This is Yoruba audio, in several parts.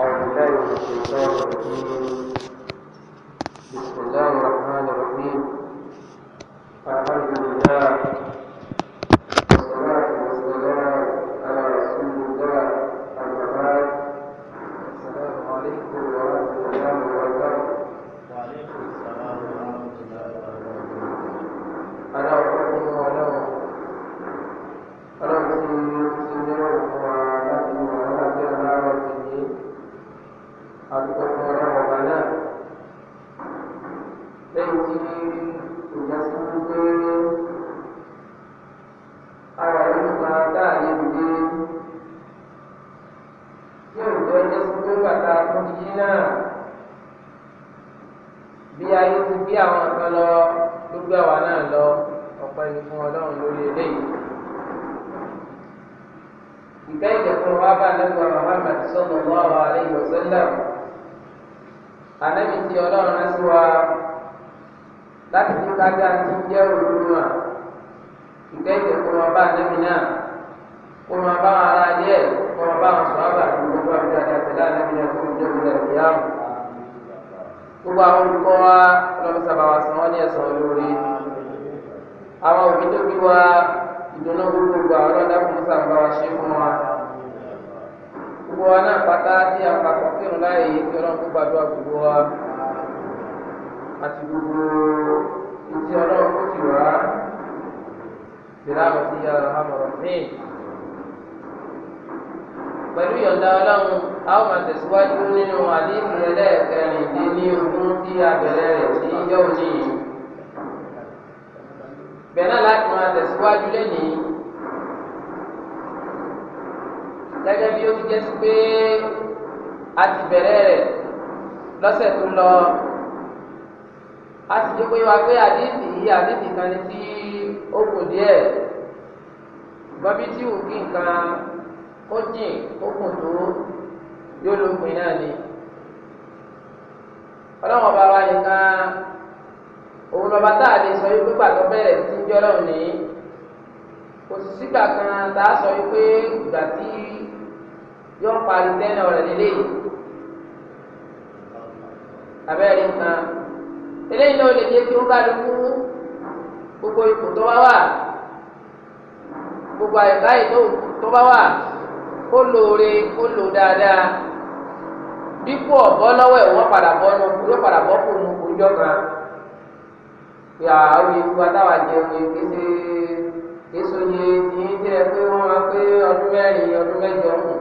أعوذ بالله من الشيطان الرجيم بسم الله الرحمن الرحيم الحمد لله bí ayé ti bí àwọn kan lọ ló gbé àwa náà lọ ọ̀pọ̀ ẹni fún ọlọ́run lórí eléyìí. ìgbẹ́ ìjẹ̀kùn wa bá lẹ́gbọ̀n Muhammad sallallahu alaihi wasallam ànábì tí ọlọ́run rán sí wa láti fi kájá ti jẹ́ òdodo à ìgbẹ́ ìjẹ̀kùn wa bá ànábì náà kó máa bá ara yẹ kó máa bá àwọn sọ̀rọ̀ àgbà tó gbogbo àgbà àti àtẹ̀lé ànábì náà tó jẹ́ òdodo yàrá gbogbo àwọn olùkọ́ wa lọ́wọ́ sábà wà sàn wọ́n ní ẹ̀sán olóore àwọn òbí tó bí wa ìdùnnú gbogbo àwọn ọlọ́dà fún sàǹbà wa ṣe fún wa gbogbo wa náà pátá tí a papọ̀ kírun láàyè kí ọlọ́run tó gbàdúrà gbogbo wa àti gbogbo ìtì ọlọ́run tó ti wá bìlá àwọn ti yára hàmọ̀ràn míì yọ̀ǹda ọlọ́run a ó máa tẹ̀síwájú nínú àdéhùn ẹlẹ́ẹ̀kẹrin dín ní ogún tí a bẹ̀rẹ̀ rẹ̀ sí ìjọ òní yìí. bẹ́ẹ̀ náà láti máa tẹ̀síwájú lẹ́nìí. gẹ́gẹ́ bí ó ti jẹ́ sí pé a ti bẹ̀rẹ̀ rẹ̀ lọ́sẹ̀ tó lọ a sì jẹ́ pé wá pé àdéhùn yìí àdéhùn kan ní tí ó kù díẹ̀ gbọ́bí tí ò kí nǹkan ó jìn ó kùn tó yóò ló pin náà ni ọlọ́run ọba wa nìkan òun lọ́ba tá a lè sọ yìí pé pàtó bẹ̀rẹ̀ sí ń jẹ́ ọlọ́run ní kò sì sígbà kan tá a sọ yìí pé ìgbà tí yọ parí tẹ́nà rẹ̀ lélẹ́yìí abẹ́rẹ́ nǹkan eléyìí náà lè jẹ́ kí ó kálukú gbogbo ipò tó bá wà gbogbo àyíká yìí tó bá wà ó lóore ó lò dáadáa dípò ọ̀bọ lọ́wọ́ ẹ̀ wọ́n padà bọ́ nù yóò padà bọ́ kó nu ojú ọ̀gá yà oyè tiwa táwa jẹ kéde késo yẹ tìyín tẹ ẹ pé wọn máa pé ọdún mẹ́rin ọdún mẹ́jọ ni ni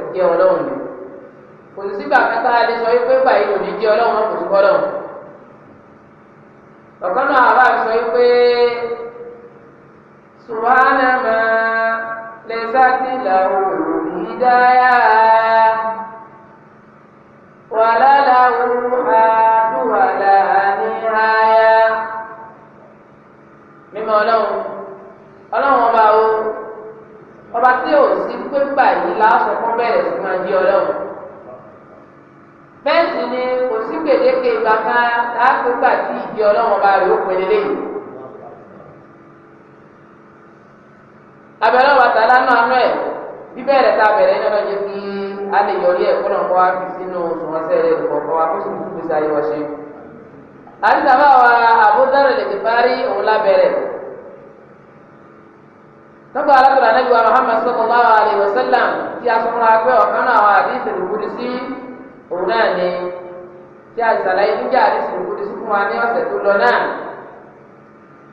tó sí yìí. kò sí sígbà kátà lè sọ wípé báyìí kò ní jẹ́ ọlọ́run kò sí bọ́lọ́run ọ̀kan náà àbá sọ wípé subhana ma lè sáàtì làwọn òbí dáyà wàlálà òun kéékèèké ìgbàgbá láàpégbà tí ìdí ọlọ́wọ́n bá rè ó pin yìí. abẹ́rẹ́ ẹ̀ a bẹ̀rẹ̀ ní ọlọ́jẹ́ kí a lè yọrí ẹ̀ kó náà wá fi sínú sùnwọ́nsẹ́ rẹ̀ kọ̀ọ̀kan wá kó sì tún gbèsè ayé wọ́n ṣe. àdìsá wa àbúdárẹ̀ lè ti parí òun lábẹ́rẹ̀. wa tí a sọ fún wa pé ọ̀kan náà àwọn kúrú sí òun tí a ṣàlàyé níjà àdìsí kúdí sí fún wa ní ọ̀sẹ̀ tó lọ náà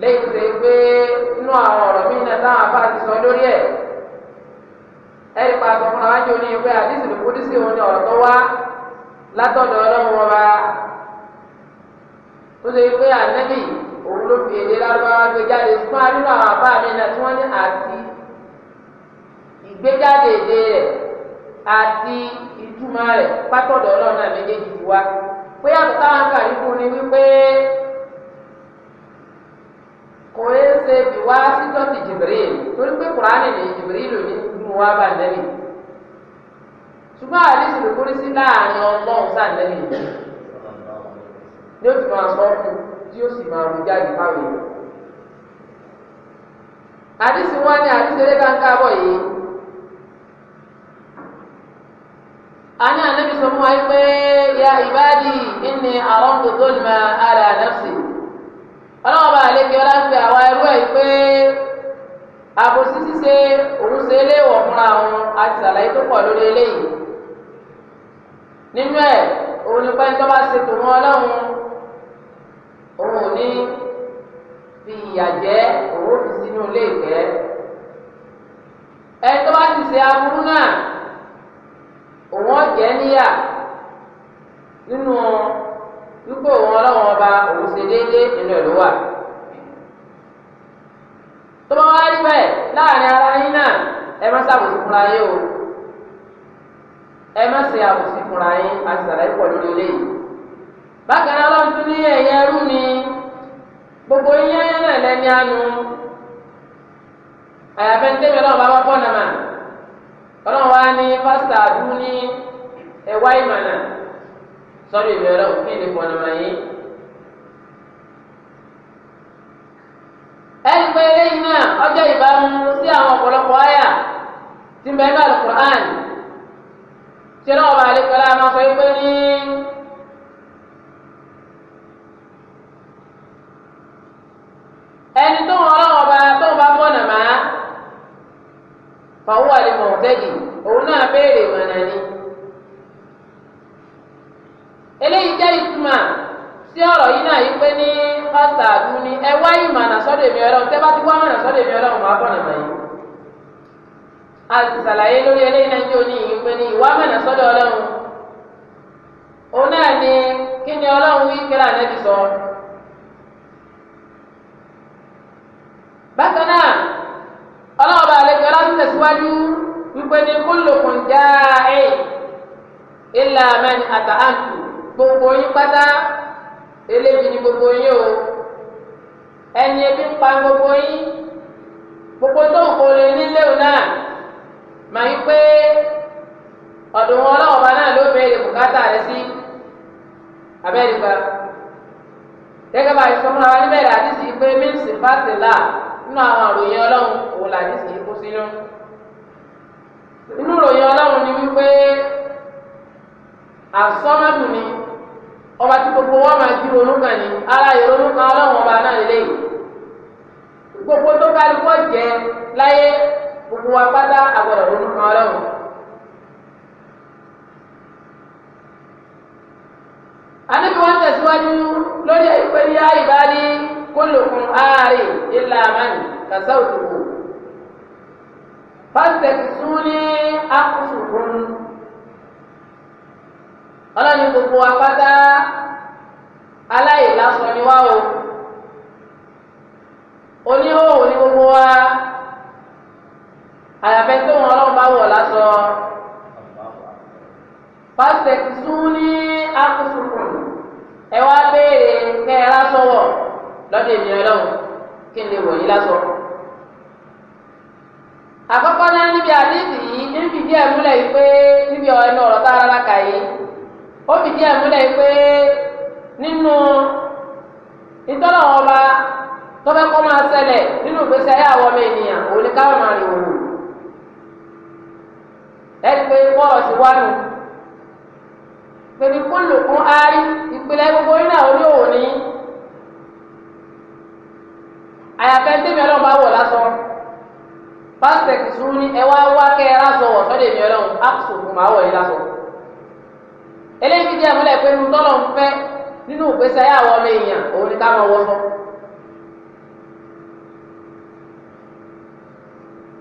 lẹ́yìn tó ṣe pé inú àwọn ọ̀rọ̀ náà táwọn afá ti sọ lórí ẹ̀ wa ní àdìsí òun ọ̀rọ̀ tó wá látọ̀dọ̀ ọlọ́run tó pé ànẹ́bì òun ló fi èdè lárúbáwá gbé jáde fún wa nínú àwọn afá mi náà tí wọ́n ní àti ìgbéjáde èdè rẹ̀ àti ìtumọ̀ rẹ̀ pátọ̀dọ̀ ọlọ́run náà pé àtúntà ń gbà fún ni wípé kò ń ṣe ìwá torí pé Kùránì ní bá ṣùgbọ́n àdìsí ló sí láàrin ni ó ti máa sọ fún tí ó sì máa rú jáde fáwọn èèyàn àdìsí wọn ni àdìsí eré kankan àbọ̀ yìí àní sọ fún wa pé. ìbádì ìní àwọn tòtò ìmọ̀ àlà nafsi ọlọ́wọ́ bá lè kí ọlá ń pe àwọn ẹrú ẹ̀ pé àbòsí ṣíṣe òun ṣe léèwọ̀ fúnra òun àti sàlàyé tó pọ̀ lórí eléyìí nínú ẹ̀ òun ni pẹ́ńtọ́ bá ṣe tòun ọlọ́run òun ní fi ìyà jẹ́ òun fi sínú ilé ìgbẹ́ ẹ̀ tó bá ti ṣe aburú náà òun ọ̀jẹ̀ níyà. nínú wípé òun ọlọ́wọ́n ọba òun ṣe déédéé nínú ìlú wa tó bá wá rí bẹ́ẹ̀ láàrin ara yín náà ẹ má ṣàbòsí fúnra yín o ẹ má ṣe fúnra yín pọ̀ lórí eléyìí bákan náà lọ́n tún ní ẹ̀yẹ gbogbo yín yẹn náà lẹ́ni àyàfẹ́ ń tẹ́wẹ́ lọ́wọ́ bá wá nàmà wá ní pásítà ẹ̀wá sọ́dọ̀ ìbẹ̀rẹ̀ òfin ní pọ̀nàmọ́ yìí. ẹni pé eléyìí náà ọjọ́ ìbámu sí àwọn ọ̀pọ̀lọpọ̀ àyà tí ń bẹ ní alukur'an tí náà ọba àlekọ́lá máa sọ pé ní. ẹni tó ń ọlọ́wọ́ ọba tó ń bá pọ̀nàmọ́ fàwọn àlè mọ̀ọ́tẹ́jì òun náà béèrè mọ̀nà ni eléyìí jẹ́ ìtumà sí ọ̀rọ̀ yìí náà yìí pé ní pásítà àdúró ni ẹ wá ìmọ̀nà sọ́dọ̀ èmi ọlọ́run tẹ́ bá ti wá ìmọ̀nà sọ́dọ̀ èmi ọlọ́run máa bọ̀nà mọ̀ yìí. a sì ṣàlàyé lórí eléyìí náà jẹ́ òní yìí pé ní ìwá mọ̀nà sọ́dọ̀ ọlọ́run òun náà ni kí ni ọlọ́run wí kíra nẹ́bí sọ. bákan náà ọlọ́run bá àlejò ọlọ́run tẹ̀síwájú wípé ní kúlùkùn jáà ẹ̀ ìlà mẹ́ni àtàhàntù gbogbo yín pátá eléyìí ni gbogbo yín o ẹni ebi ń pa gbogbo yín gbogbo tó ń kórè nílé o náà màá yí pé ọdún ọlọ́wọ́ bá náà ló béèrè bùkátà rẹ sí abẹ́rẹ́ gẹ́gẹ́ bá ìsọmúra wa níbẹ̀rẹ̀ àdìsí pé ọba tí gbogbo wọn máa jí ronú kan ní ara ìrònú kan ọlọ́run ọba náà lélẹ́yìn gbogbo tó kálukú jẹ láyé gbogbo wa pátá àgbọ̀dọ̀ ronú kan ọlọ́run. anabi wọn tẹsíwájú lórí ìpẹlẹ àìbáyé kólókun ààrẹ ilà àmàlì kàṣáwùtù pásítẹ̀kì sún ní àkùsùn fún un ọlọ́ni gbogbo apáta aláìlásọ ni wá o oníhòòhò ni gbogbo wa àyàfẹ́ tó wọn ọlọ́run bá wọ̀ lásọ pásítẹ̀tì tún ní akóṣùkùn ẹ wá béèrè kẹ́ ẹ lásọ̀wọ̀ lọ́dọ̀ èmi ọlọ́run kí n lè wọ̀ yí lásọ. àkọ́kọ́ náà níbi àdéhùn yìí níbi díẹ̀ múlẹ̀ yìí pé níbi ọ̀rọ̀ ẹnu ọ̀rọ̀ tá a rárá kà yìí ó fìdí ẹ̀ múlẹ̀ pé nínú ìtọ́lọ́wọ́ ọba tọ́fẹ́ kọ́ máa ṣẹlẹ̀ nínú ìgbésí ayé àwọn ọmọ ènìyàn òun ni káwọn máa rìn òun ẹni pé bọ́ọ̀lù sí wá nù pèmí kúlù kún áárí ìpìlẹ̀ gbogbo iná orí òun ní àyàfẹ́ tẹ́mi ọlọ́run bá wọ̀ lásán pásítẹ̀kì sùn ní ẹ wá wá kẹ́ ẹ lásán wọ̀ sọ́dẹ̀ mi ọlọ́run á sòkùn máa wọ̀ yìí lásán eléyìí ti di àmúlẹ̀ pé irun tọ́lọ̀ ń fẹ́ nínú ìgbésí ayé àwọn ọmọ èèyàn òun ni ká máa wọṣọ.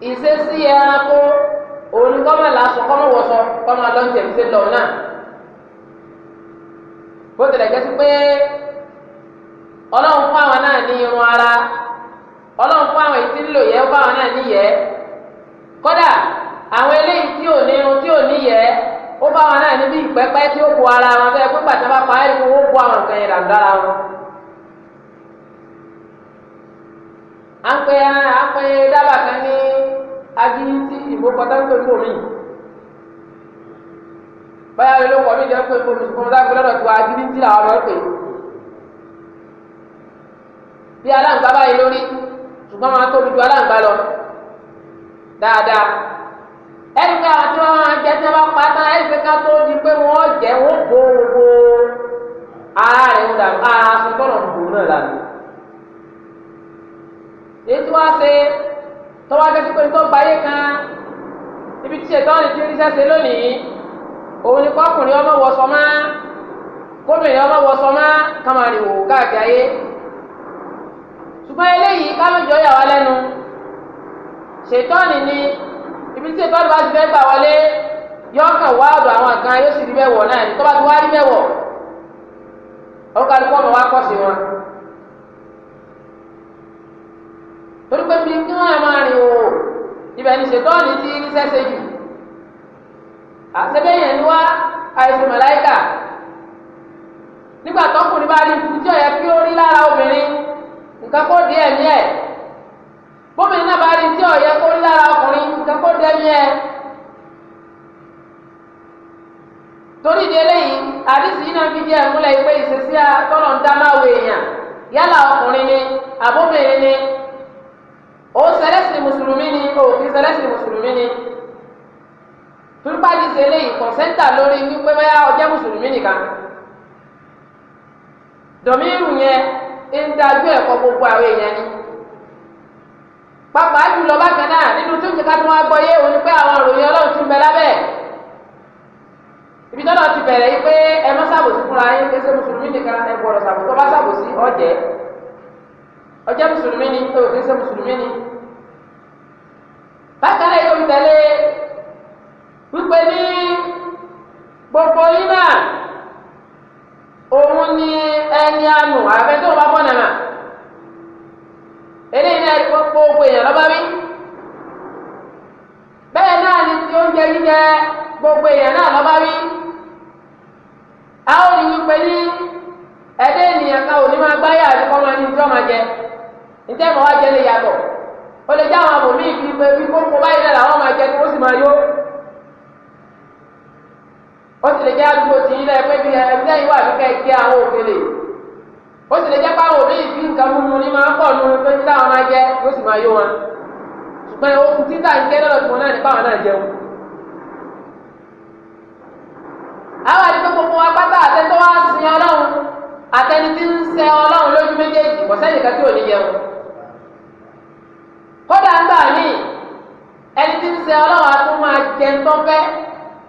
ìṣesí ẹranko òun ni kọ́mọ làásọ kọ́mọ wọṣọ kọ́mọ lọ́jẹ̀ ń ṣe lọ náà. bó tilẹ̀ jẹ́ sí pé ọlọ́run fún àwọn náà ní irun ara ọlọ́run fún àwọn ètí ńlò yẹ fún àwọn náà níyẹ́ kódà àwọn eléyìí tí ò ní irun tí ò níyẹ́ ó bá wọn náà níbi ìpẹ́pẹ́ tí ó kó ara wọn bẹ́ẹ̀ pé pàtàkì apá ẹ̀rí kó wọ́n kó àwọn nǹkan yẹn dàgbára wọn. à ń pè à ń pè dábàá kan ní agíyítí ìmọ̀kọ́tàǹtò ìbò mi báyà ló kọ́ mi jẹ́ pé mo fi fún un dágbé lọ́dọ̀ tó agíyítí làwọn lọ́ọ́ pè bí aláǹgbá báyìí lórí ṣùgbọ́n máa tóbi ju aláǹgbá lọ dáadáa ẹni ká àwọn tí wọ́n máa jẹ tí wọ́n bá pa tán ẹni pé ká tó di pé wọ́n jẹ wọ́n kó gbogbo ara rẹ̀ ń dànù ara fi tọ́nà gbogbo náà dànù. ètò wá ṣe tọ́wọ́ akẹ́sí pé tó gbayé kan ibi tí ètò ọ̀nì ti ríṣẹ́ ṣe lónìí òun ni kọ́kùnrin ọmọ wọ sọ máa kóbìnrin ọmọ wọ sọ máa kàmáà káàkiri ayé ṣùgbọ́n eléyìí ká yà wá lẹ́nu ṣètọ́ni ni ibi tí ètò àdúrà ti fẹ́ gbà wọlé yọ kàn wá ọ̀dọ̀ àwọn kan yóò sì rí bẹ́ẹ̀ wọ̀ náà tó bá ti wá rí bẹ́ẹ̀ wọ̀ ọ̀rọ̀ kan kọ́ ọ̀nà wa kọ́ sí wọn. torí pé bí kí wọ́n máa rìn o ibẹ̀ ni ṣètọ́ọ̀nì ti rí sẹ́sẹ̀ jù àtẹ́bẹ́yẹn ni wá àìsàn màláìkà nígbà tọkùnrin bá rí ìfújọ́ yẹ kí ó rí lára obìnrin nǹkan kó díẹ̀ ní ẹ̀ bómìnir náà bá rí tí ọ̀yẹ́ kó lára ọkùnrin nǹkan kó dẹ́mi ẹ. torí di eléyìí àdìsí yìí náà fi di ẹ̀múlẹ̀ pé ìṣesí àtọ́nà ń dá máa wọ èèyàn yálà ọkùnrin ni àbóbìnrin ni ó sẹlẹ́sì mùsùlùmí ni òfin sẹlẹ́sì mùsùlùmí ni turupadi ṣe eléyìí kọ̀ǹsẹ́ńtà lórí wípé bóyá ọjọ́ mùsùlùmí nìkan dọ̀míìrù yẹn ń dájú ẹ̀kọ́ gbogbo àwọn èèyàn ni. pàápàá jùlọ bákan náà nínú tó ń jẹ ká tó wọn gbọ́yé pé àwọn òròyìn Ọlọ́run ti ń bẹ lábẹ́ ibi tọ́lọ́ ti bẹ̀rẹ̀ yìí pé ẹ má ṣàbòsí fúnra yín pé ṣé mùsùlùmí nìkan ẹ ọba ọjẹ́ mùsùlùmí ni ṣe mùsùlùmí ni bákan náà yóò tẹ̀lé wípé ní gbogbo yín náà òun ni ẹni bá bọ̀ eléyìí náà kó gbogbo èèyàn lọ́ba wí bẹ́ẹ̀ náà ni tí oúnjẹ jíjẹ gbogbo èèyàn náà a ó ní wípé ní ẹdẹ ènìyàn kan ò ní máa gbáyà àti kọ́ máa ní tí wọ́n máa jẹ níta ìmọ̀ wá jẹ lè yàtọ̀ ó lè jẹ́ àwọn àbòmíì kiri pé bí kókó báyìí náà làwọn máa jẹ kí sì máa yó ó sì ó sì lè jẹ́ pé àwọn òbí ìdí nǹkan mímu ní máa ń pọ̀ nínú pé títà wọn máa jẹ yóò sì máa yó wọn ṣùgbọ́n ohun títà ń kẹ́ lọ́dọ̀ tí wọn náà nípa àwọn náà jẹun. àwọn àti pé gbogbo apáta àtẹ́tọ́ wá sin ọlọ́run àtẹni tí ń sẹ ọlọ́run lójú méjèèjì kò sẹ́nìkan tí ò ní jẹun. kódà ń gbà mí ẹni tí ń sẹ ọlọ́run a tún máa jẹun tó fẹ́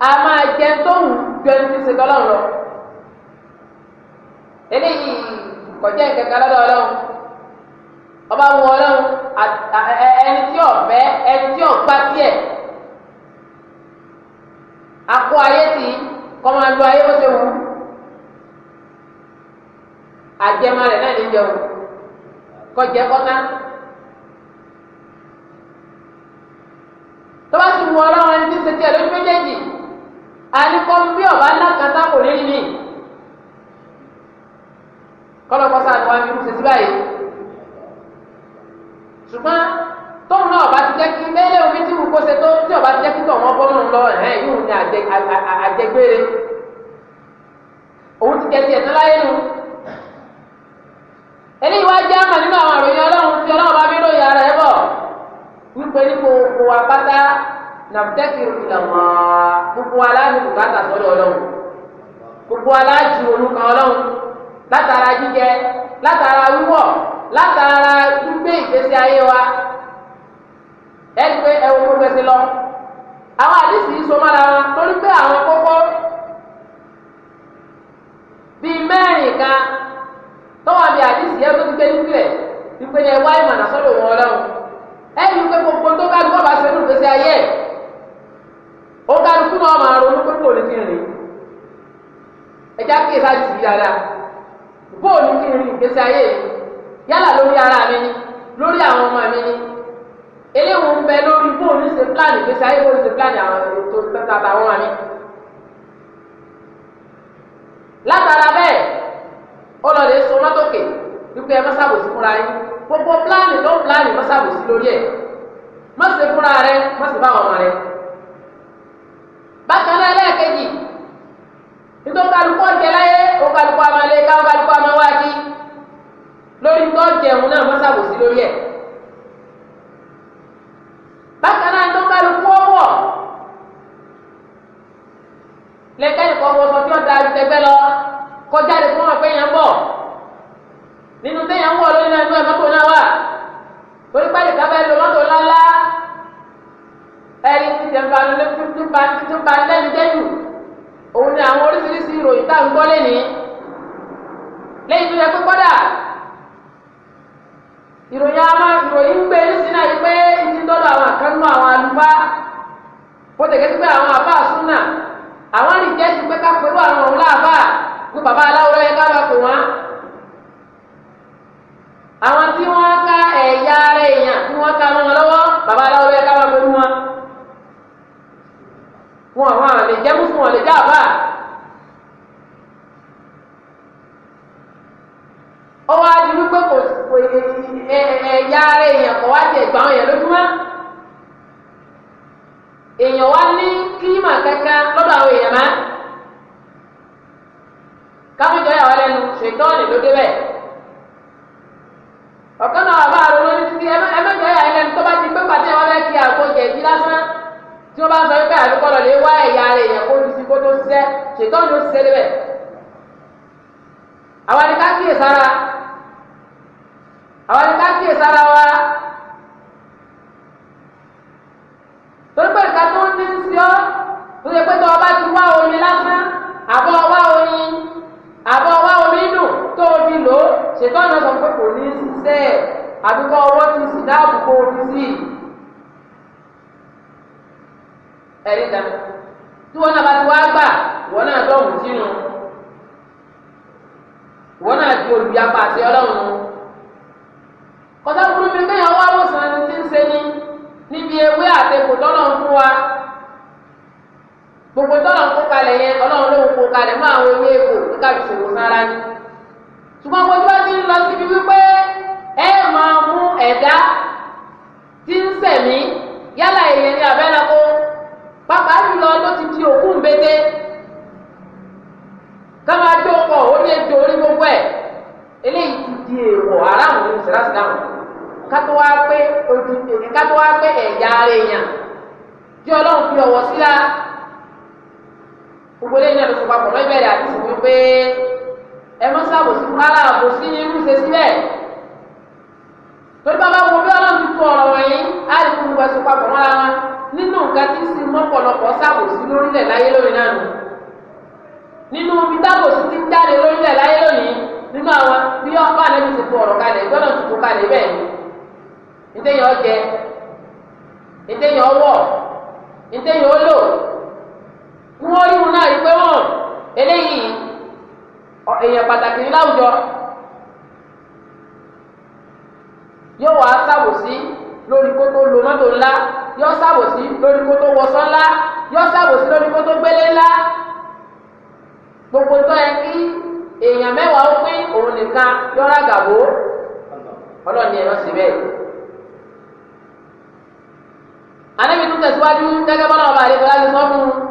a máa jẹun tó wù ju ẹni tí ń kọjá ìkẹkẹ lọ́dọ̀ Ọlọ́run ọba wu Ọlọ́run ẹni tí ọfẹ ẹni tí ọgbà tiẹ̀ akọ ayé tì kọmọ lu ayé bó ṣe wù àjẹmọ rẹ náà níjọ kọjá kọta tọ́ba ti wu Ọlọ́run ẹni tí ń ṣe tiẹ̀ lójú méjèèjì alikọ́ bí ọba ńlá kan kò ní ní. kọ́lọ́kọ́sá eh, ni wọ́n á fi ṣe báyìí. ṣùgbọ́n tóun náà ọba ti jẹ́ kí omi tí kó ṣe tó tí ọba ti jẹ́ kí tọ̀wọ́n bọ́ lọ ẹ̀ yóò ní àjẹgbére òun ti jẹ́ tiẹ̀ tó láyé nu eléyìí wá jẹ́ àwọn àròyìn tí bá wípé ní látara jíjẹ látara wíwọ̀ látara gbígbé ìgbésí ayé wa ẹni pé ẹwọ gbogbo ẹsẹ lọ àwọn àdìsí yìí so mọ́ra wọn torí pé àwọn kókó bíi mẹ́rin kan tọ́wọ́ bíi àdìsí yẹn tó ti gbé nípìnlẹ̀ ìpinnu ẹ̀wá ìmọ̀nà sọ́dọ̀ wọn ọlọ́run ẹ̀yìn pé gbogbo tó bá gbọ́ bá sẹ́nu ìgbésí ayé ẹ̀ ó kálukú náà máa ronú pé kò ní kí n rìn já kí ìsájú sí yàrá bóòlù kí n rí ìgbésí ayé yìí yálà lórí ara mi ni lórí àwọn ọmọ mi ni eléwo ń bẹ lórí bóòlù ṣe pílánì ìgbésí ayé bóòlù ṣe pílánì àwọn ètò tata wọn ni. látara bẹ́ẹ̀ ọlọ́dẹ sọ mọ́tòkè wípé ẹ mọ́sàbòsí fúnra yín gbogbo pílánì ló ń pílánì mọ́sàbòsí lórí ẹ̀ mọ́sẹ̀ fúnra rẹ mọ́sẹ̀ báwọn ọmọ rẹ bákan náà lẹ́ẹ̀kejì nítorí kálukọ́ jẹ láyé ó kálukú àmà lé káwọn kálukú àmà wá kí lórí tó jẹun náà má ṣàbòsí lórí ẹ̀. bákan náà tó kálukú ọwọ́ lẹ́kẹ́ ìkọ́ wọ sọ tí ó da ìtẹ́gbẹ́ lọ kọjá lè fún ọ̀pẹ́ yẹn bọ̀ nínú téèyàn ń wọ̀ lórí náà inú ẹ̀ mọ́tò náà wà torí pẹ́ẹ́lí kábẹ́ lọ mọ́tò ńláńlá ẹ̀rí ti jẹun bá lọ lé tuntun bá tuntun bá lẹ́nu jẹ́yìn. òun ni àwọn oríṣiríṣi ìròyìn tá à ń gbọ́ lẹ́ni lẹ́yìn tó yẹ pé kọ́dà ìròyìn àmà ìròyìn ń gbé nísìnyí náà yìí pé ìdí dọ́dọ̀ àwọn àkànnú àwọn àlùfáà kó tẹ̀gẹ́ pé àwọn àbá àsúnà àwọn àrìjẹ́ pé ká èèyàn wá ní kílímà kankan lọ́dọ̀ àwọn èèyàn má yà wá lẹ́nu ṣètọ́ọ̀nì ló débẹ̀ ọ̀kan náà bá àrùn lórí títí ẹ̀mẹ́jọ yà lẹ́nu tó bá ti pé pàtẹ́ wọn bẹ́ẹ̀ kí lásán tí wọ́n bá sọ àdúgbò lè wá ẹ̀yà rẹ̀ kó lùsí kó tó ṣiṣẹ́ tó o bá ti wá orin lásán àbọ̀ wá orin àbọ̀ wá orin dùn tó o fi lò ó ṣètò ọ̀nà sọ pé kò ní ṣiṣẹ́ àdúgbò ọwọ́ ti sì dáàbò kó o sí i. ẹ̀rí kan tí wọ́n náà bá ti wá gbà wọ́n náà dọ̀hùn sínú wọ́n náà di olùyapa àti ọlọ́run kọ́tà burúkú kéèyàn wá wòsàn ti ń ṣe ní níbi ewé àtẹkù tọ́lọ́run fún wa. gbogbo tọ́lọ̀ ń kó yẹn ọlọ́run ló ń kó mọ́ àwọn ewé èkó nígbà ìṣòro sára ni ṣùgbọ́n gbogbo bá ti ń lọ síbi wípé ẹ máa mú ẹ̀dá tí ń sẹ̀mí yálà ní jùlọ ló ti gbogbo ẹ̀ eléyìí ti di aráàlú ní ká tó wá pé ẹ̀yà ara èèyàn tí ọlọ́run gbogbo eléyìí náà ló sọ papọ̀ lọ́bẹ̀rẹ̀ àti sùn wípé ẹ mọ́ sábòsí rárá àbòsí irú ṣe síbẹ̀ torí bàbá wo bí ọlọ́run ti tó ọ̀rọ̀ wọ̀nyí á lè fún gbogbo ẹ̀sùn papọ̀ mọ́ra wọn nínú nǹkan tí ń sin mọ́pọ̀lọpọ̀ sábòsí lórílẹ̀ láyé lónìí náà nù nínú omi tábòsí ti ń jáde lórílẹ̀ láyé lónìí nínú àwọn bí ọ̀pá lẹ́nu ti tó ọ̀rọ̀ kalẹ̀ gbọ́dọ̀ tuntun kalẹ̀ bẹ́ẹ̀ ni ìtẹ̀yìn ọjẹ ìtẹ̀yìn ọwọ́ ìtẹ̀yìn olóò wọ́n rí wọn náà rí pé wọ́n eléyìí èèyàn pàtàkì ní láwùjọ yóò wá ṣàbòsí lórí kó tó lo mọ́tò ńlá yóò ṣàbòsí lórí kó tó wọṣọ ńlá yóò ṣàbòsí lórí kó tó gbélé ńlá gbogbo tó yẹ kí èèyàn mẹ́wàá ó pín òun nìkan yọ̀rá gàbó ọlọ́ọ̀ni ẹ̀rọ sì bẹ́ẹ̀. anábì tẹ̀síwájú gẹ́gẹ́ bọ́lá ọba àdéhùn láti sọ́dún.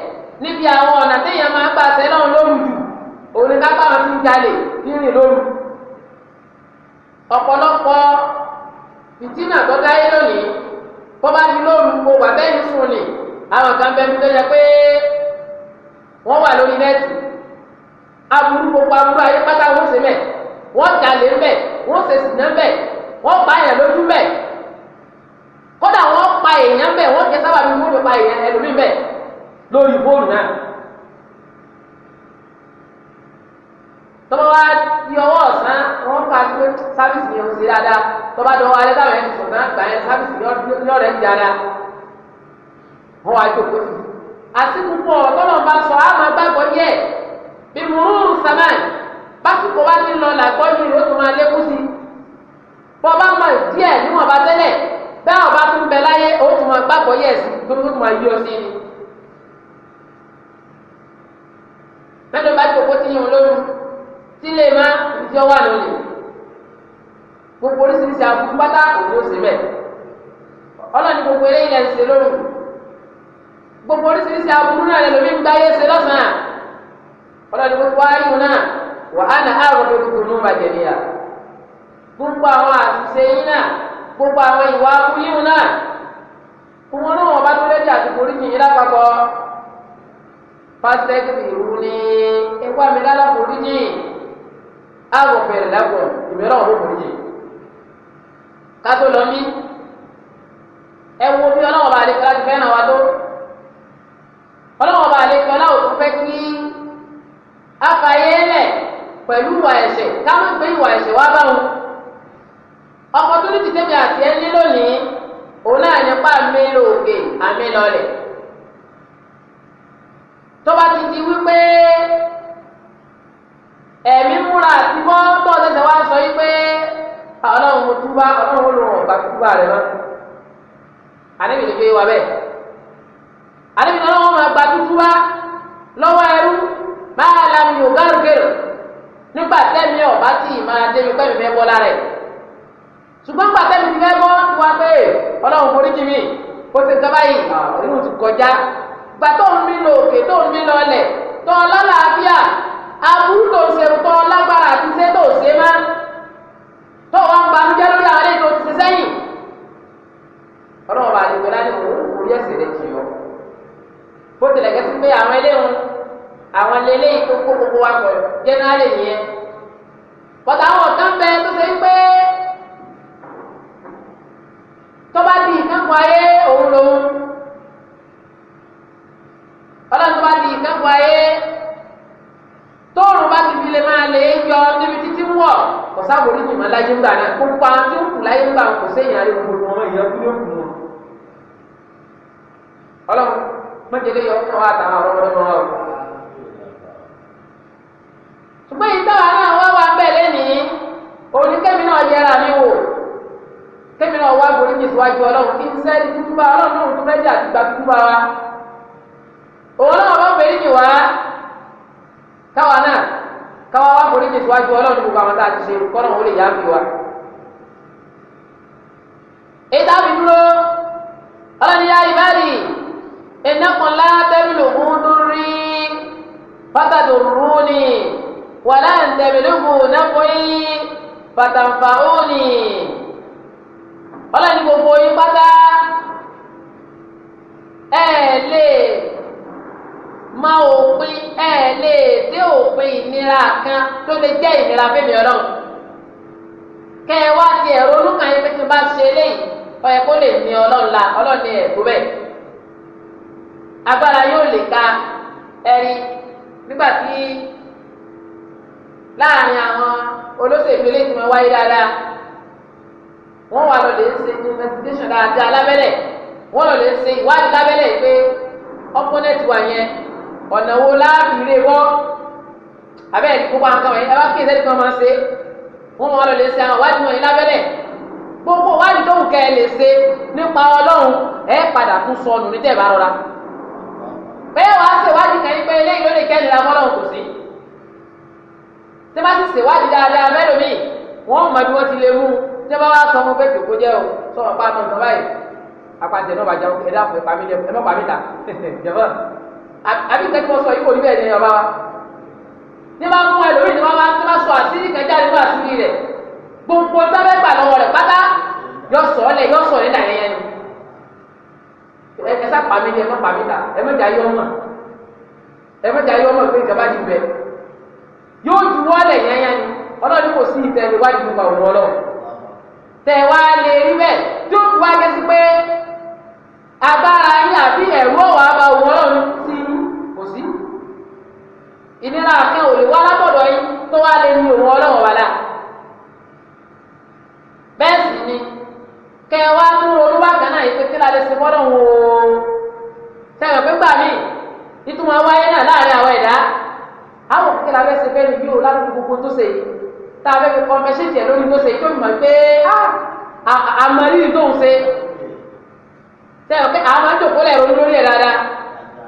níbi àwọn ọ̀nà téèyàn máa ń gbà sẹ́ lọ́run lóru jù òun ni kápá wọn ti ń jalè rírìn lóru ọ̀pọ̀lọpọ̀ ìtínà tó dáyé lónìí kó bá di lóru kó wà bẹ́ẹ̀ ní sùn ni àwọn kan bẹ́ẹ̀ tó yẹ pé wọ́n wà lórí nẹ́ẹ̀tì aburú gbogbo aburú ayé pátá wọ́n ṣe mẹ́ wọ́n jalè mẹ́ wọ́n ṣe sìnà mẹ́ wọ́n pa èèyàn lójú mẹ́ kódà wọ́n pa èèyàn mẹ́ wọ́n jẹ sábà mi wọ́n pa lórí fóònù náà. tọ́ba wa di ọwọ́ ọ̀sán wọ́n fà pé sábìsì yẹn ń ṣe dáadáa tọ́ba dọ̀wọ́ alẹ́ táwọn ẹni sọ̀tún àgbà yẹn sábìsì lọ́rẹ̀ ń dáadáa wọ́n wá jókòó sí i. àsìkò pọ̀ tọ́lọ̀ bá sọ àmọ́ gbàgbọ́ yẹ bí mùrùn sàmáì básìkò wá ti lọ làgbọ́ yìí ló tún máa lékún sí i. bọ́ bá mọ̀ díẹ̀ níwọ̀n bá tẹ́lẹ̀ bẹ́ẹ̀ ọba tún bẹ láyé ó tún máa gbàgbọ́ yẹ sí i tó máa yí ọ sí i. kó ti ihe lóru tí lè má ìdí ọwà àná gbogbo oríṣiríṣi àbúkú pátá òun ó sì mẹ ọlọ́ni gbogbo eléyìí lẹ́yìn ṣe lóru gbogbo oríṣiríṣi àbúkú náà lẹ́nu mi ń gbáyé ṣe lọ́sàn-án ọlọ́ni gbogbo náà wà á nà áàrùn gbogbo àwọn àṣìṣe yín pásítẹ́kìtì ìrú ni ẹwà mi lálàkùnrin jìn àgọ̀ bẹ̀rẹ̀ lágọ̀ ìmíràn ọ̀rọ̀kùnrin jìn kátó lọ mí bí ọlọ́wọ́ bá lè kọ́lá ti náà wá tó ọlọ́wọ́ bá lè kọ́lá ò tún kí afayélẹ̀ pẹ̀lú ìwà káwọn gbé ìwà wá bá wọn tó ní ti àti tó bá ti di wípé ẹ̀mí múra àti mọ́ tó ọ̀sẹ̀sẹ̀ wá sọ wípé ọlọ́run mo túbá ọlọ́run ó lò wọ́n bá túbá rẹ̀ mọ́ àníbi ní pé wà bẹ́ẹ̀ àníbi ní ọlọ́run máa gba túbá lọ́wọ́ ẹrú máa lami yòókà rúgèrò nígbà tẹ́mi ọ̀bá tì máa débi pẹ́mi fẹ́ bọ́ lára ṣùgbọ́n nígbà tẹ́mi ti fẹ́ bọ́ wá pé ọlọ́run foríjì mi kó ṣe sábà yìí gbà tó ń mí lọ òkè tó ń mí lọ ọlẹ̀ tó ń lálàáfíà aburú tó ń ṣe tó ń lágbára àti ṣe tó ń ṣe má tó wọn gba ń jẹ́ lórí àwọn ètò ti sẹ́yìn ọlọ́run bá àlejò láti mú orí ẹ̀sìn rẹ̀ jì ọ́ bó tilẹ̀ kẹ́sí pé àwọn eléhùn àwọn eléyìí tó kó gbogbo wa pọ̀ jẹ́nẹ́rálì yẹn bọ́tà àwọn kan bẹ tó ṣe pé tó bá di ìkẹ́kọ̀ọ́ ayé òun lòun. tóòrùn bá ti fi lè máa lè yọ níbi títí wọ̀ kò sábò nínú ìmọ̀ láyé ńgbà náà kó pa tí ó kù láyé ńgbà kò séyìn àrí gbogbo ọmọ ìyá tó yóò kù wọn. ọlọ́run mọ́jẹ́lé yọ fún wa àtàwọn ọ̀rọ̀ ọ̀rọ̀ ọ̀rọ̀. ṣùgbọ́n èyí táwa náà wá wá bẹ́ẹ̀ lẹ́nìí òní kẹ́mi náà yẹra mi wò kẹ́mi náà wá borí mi síwájú ọlọ́run kí n sẹ́ni tuntun bá ọlọ́run tó fẹ́ káwa náà káwa wá foríjì síwájú ọlọ́run gbogbo àwọn tá a ti ṣe kọ́nà òun lè yá fi wa. ìdá mi dúró ọlọ́run yá ìbáàdì ìnákan látẹ́bí lògùn dúrí pátádò rúni wàlá ìtẹ̀bí lògùn náfọ̀yí pàtàǹfàrúni ọlọ́run gbogbo yín pátá ẹ̀ lè. máa òpin ẹ lè dé òpin ìnira kan tó lè jẹ́ ìnira fẹ́mi ọlọ́run kẹ ẹ wá ti ẹ̀rọ olúkan yẹn pé bá ṣe eléyìí ọyẹ kó lè ní la ní agbára yóò lè ka ẹ̀rí nígbà tí láàrin àwọn olóṣèlú ilé ìgbìmọ̀ wáyé dáadáa wọ́n wà lọ́ọ́ lè ṣe investigation dáadáa lábẹ́lẹ̀ wọ́n lọ lè ṣe ìwádìí lábẹ́lẹ̀ pé wà yẹn ọ̀nà wo láàbì rè bọ́ abẹ́ ẹ̀ gbogbo àwọn kan wọ̀nyí ẹ bá kí ìsẹ́ni kan máa ṣe wọ́n máa lọ lè ṣe àwọn wádìí wọ̀nyí lábẹ́lẹ̀ gbogbo wádìí tó ń kẹ́ ẹ lè ṣe nípa ọlọ́run ẹ padà tún sọnù ní tẹ̀ bá rọra pé wàá ṣèwádìí kan yín pé eléyìí ló lè kẹ́ ìlera ọlọ́run kò sí tí wọ́n ti ṣèwádìí dáadáa mẹ́lòmíì wọ́n mọ̀ bí wọ́n ti lè mú tí wọ́n wá sọ fún pé kòkó jẹ́ o sọ̀rọ̀ pa àtọ̀tọ̀ báyìí apàtẹ̀ náà bàjẹ́ ẹ̀dá ẹ̀pàmílẹ̀ ẹ̀mọ́pàmílà jẹ̀bọ́n àbí nǹkan tí mo sọ yìí kò rí bẹ́ẹ̀ ni ọba wa ní bá mú ẹlòmíì ní bá wá ní bá sọ àṣírí kẹjá nínú àṣírí rẹ gbogbo tábẹ́ gbà lọ́wọ́ rẹ pátá yọ sọ ọ lẹ yọ sọ ọ nílà yẹn ni ẹ sá pàmí ni ẹ má pàmí ta ẹ má jà yọ ọmọ ẹ má jà yọ ọmọ pé ìjọba ti bẹ yóò ju wọlé yẹn yẹn ni ọlọ́run kò sí ìtẹ́ ẹni wájú nípa òun ọlọ́run tẹ̀ wá lè rí bẹ́ẹ̀ tó wá wá lè ní òun ọlọ́run wà láà bẹ́ẹ̀ sì ni kẹ́ ẹ wá tún ronú wá kan náà yìí pé kí la lè ṣe fọ́dọ̀ wò ó sẹ́yìn pé gbà mí ìtumọ̀ wáyé náà láàrin àwọn ẹ̀dá àwọn kí la fẹ́ ṣe fẹ́ nìyí o ládùúgbò gbogbo tó ṣe yìí tá a fẹ́ fi kọ́mẹ́ṣẹ́ tiẹ̀ lórí tó ṣe yìí tó mọ̀ pé àmọ́rírì tó ń ṣe sẹ́yìn pé àwọn àjòkó lẹ̀ ronú lórí ẹ̀ dáadáa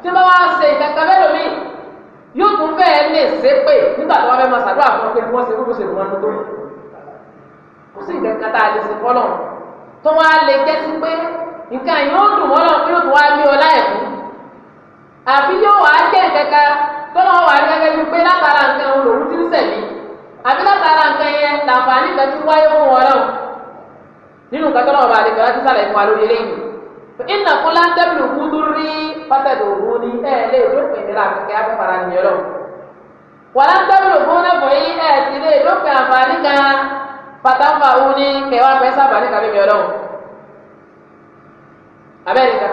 tí wọ́n wá ṣe ìkàkà mẹ́lòmíì yóò tún bẹ́ẹ̀ lè ṣe pé nígbà tó wá fẹ́ máa ṣàdúrà fún ọ pé wọ́n ṣe kókó ṣe lù wọn tó tó kò sí nǹkan kan tá a lè ṣe fọ́lọ̀ tó wá lè jẹ́ sí pé nǹkan yóò dùn wọ́n lọ́wọ́ yóò tún wá ní ọlá ẹ̀kú àbí yóò wá jẹ́ kẹ̀kẹ́ tó lọ́wọ́ wà ní gẹ́gẹ́ bíi pé látara nǹkan òun lòún ti ń sẹ̀mí àbí látara nǹkan yẹn làǹfààní kan ti wáyé fún wọn nínú nǹkan tó lọ́wọ́ ìnà kún láńtẹ́bìlì kúndúrí pátẹ́dù òhun ni ẹ lè dópin ìnira kẹkẹ afẹ́fara nìyẹn lọ. wà láńtẹ́bìlì kún ẹ̀bùn yìí ẹ ti lè dópin àǹfààní kan pátáfà òhun ni kẹwàá fẹ́ sábà ní kàmí mìíràn. abẹ́rẹ́ka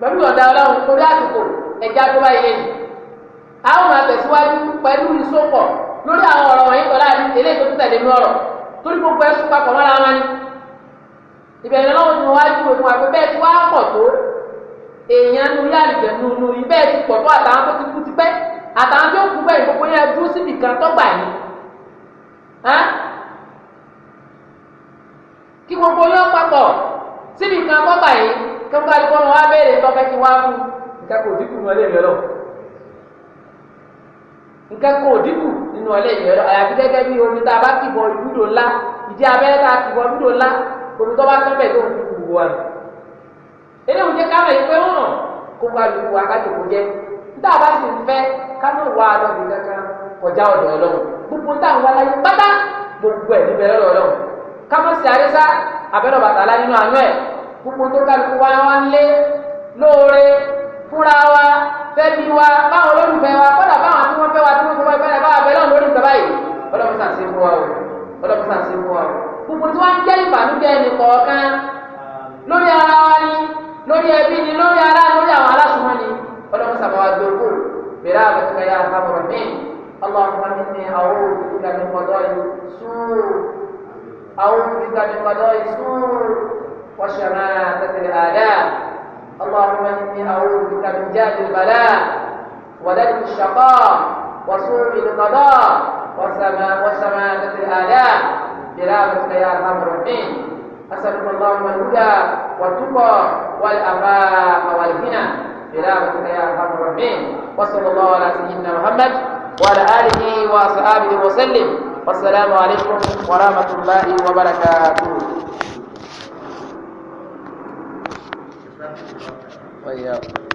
pẹ̀lú ọ̀dà ọlọ́run torí àsìkò ẹ̀já tó bá yẹ yìí. àwọn máa tẹ̀síwájú pẹ̀lú ìsopọ̀ lórí àwọn ọ̀rọ̀ wọ̀nyí pẹ̀lú àdí ìbẹ̀rẹ̀ lọ́wọ́ ni wọ́n á dúró fún wa pé bẹ́ẹ̀ tí wọ́n á pọ̀ tó èèyàn nu ilé àlùjẹ̀ nu nu yìí bẹ́ẹ̀ ti pọ̀ tó àtàwọn tó ti kú ti pẹ́ àtàwọn tó kú bẹ́ẹ̀ gbogbo yẹn dúró síbi kan tọ́gbà yìí kí gbogbo yẹn papọ̀ síbi kan tọ́gbà yìí kí wọ́n kájú kọ́nà wá béèrè tọ́fẹ́ kí wọ́n á fún nǹkan kò dínkù nínú ọlẹ́ ìrẹ́lọ́ nǹkan kò dínkù nínú ọlẹ́ ìrẹ́lọ́ àyàfi gẹ́gẹ́ bí omi tá a bá kìbọ̀ ibùdó ńlá ìdí abẹ́rẹ́ tá a kìbọ̀ ibùdó ńlá olùtọ́ bá tán bẹ̀ tó ń fi wù wà nù. eléyìí ń jẹ́ ká mẹ́rin pé hàn kó wá lu wà ká jòkó jẹ́ níta bá sì ń fẹ́ ká mọ̀ wá lọ́ọ̀dù kankan kọjá ọ̀dọ̀ ọlọ́run gbogbo ń táwọn aláyé pátá gbogbo ẹ̀ níbẹ̀ lọ́dọ̀ ọlọ́run ká mọ̀ sí àrísá abẹ́rẹ́ bàtàlá nínú àánú ẹ̀ gbogbo tó kálukú wá wá ń lé lóore fúnra wa fẹ́mi wa báwọn olólùfẹ́ wa kọ́dà báwọn tí wọ́n fẹ́ wa tí wọ́n fẹ́ wa ìfẹ́ rẹ̀ báwọn abẹ́rẹ́ lọ́rùn lórí ìjọba yìí ọlọ́run sàn sí fún wa o sàn sí fún wa gbogbo tí wọ́n ń jẹ́ ìbànújẹ́ ẹnì kọ̀ọ̀kan lórí ara wa ni lórí ẹbí ni lórí ara lórí àwọn aláṣùmọ́ ni ọlọ́run sàbáwá gbogbo bẹ̀rẹ̀ àbẹ̀tùkà yà àbábọ̀rọ̀ mí اللهم إني أعوذ بك من قضاء سوء أعوذ بك من قضاء سوء وشماتة الآلاء اللهم إني أعوذ بك من جهل البلاء ودرك الشقاء وسوء القضاء وسماتة الآلاء تلاوة ليال أمر الدين الله اللهم الهدى والتقى والأفاق والهنى تلاوة ليال أمر الدين وصلى الله على سيدنا محمد وعلى آله وصحابه وسلم والسلام عليكم ورحمة الله وبركاته yeah. طيب.